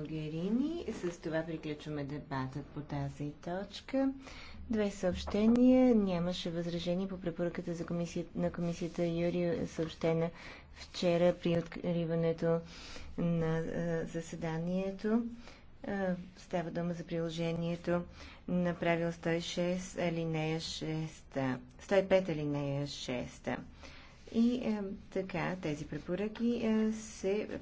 Могерини. С това приключваме дебатът по тази точка. Две съобщения. Нямаше възражение по препоръката за комисия, на комисията Юрий, съобщена вчера при откриването на а, заседанието. А, става дума за приложението на правил 106 алинея 6. 105 алинея 6. И а, така, тези препоръки а, се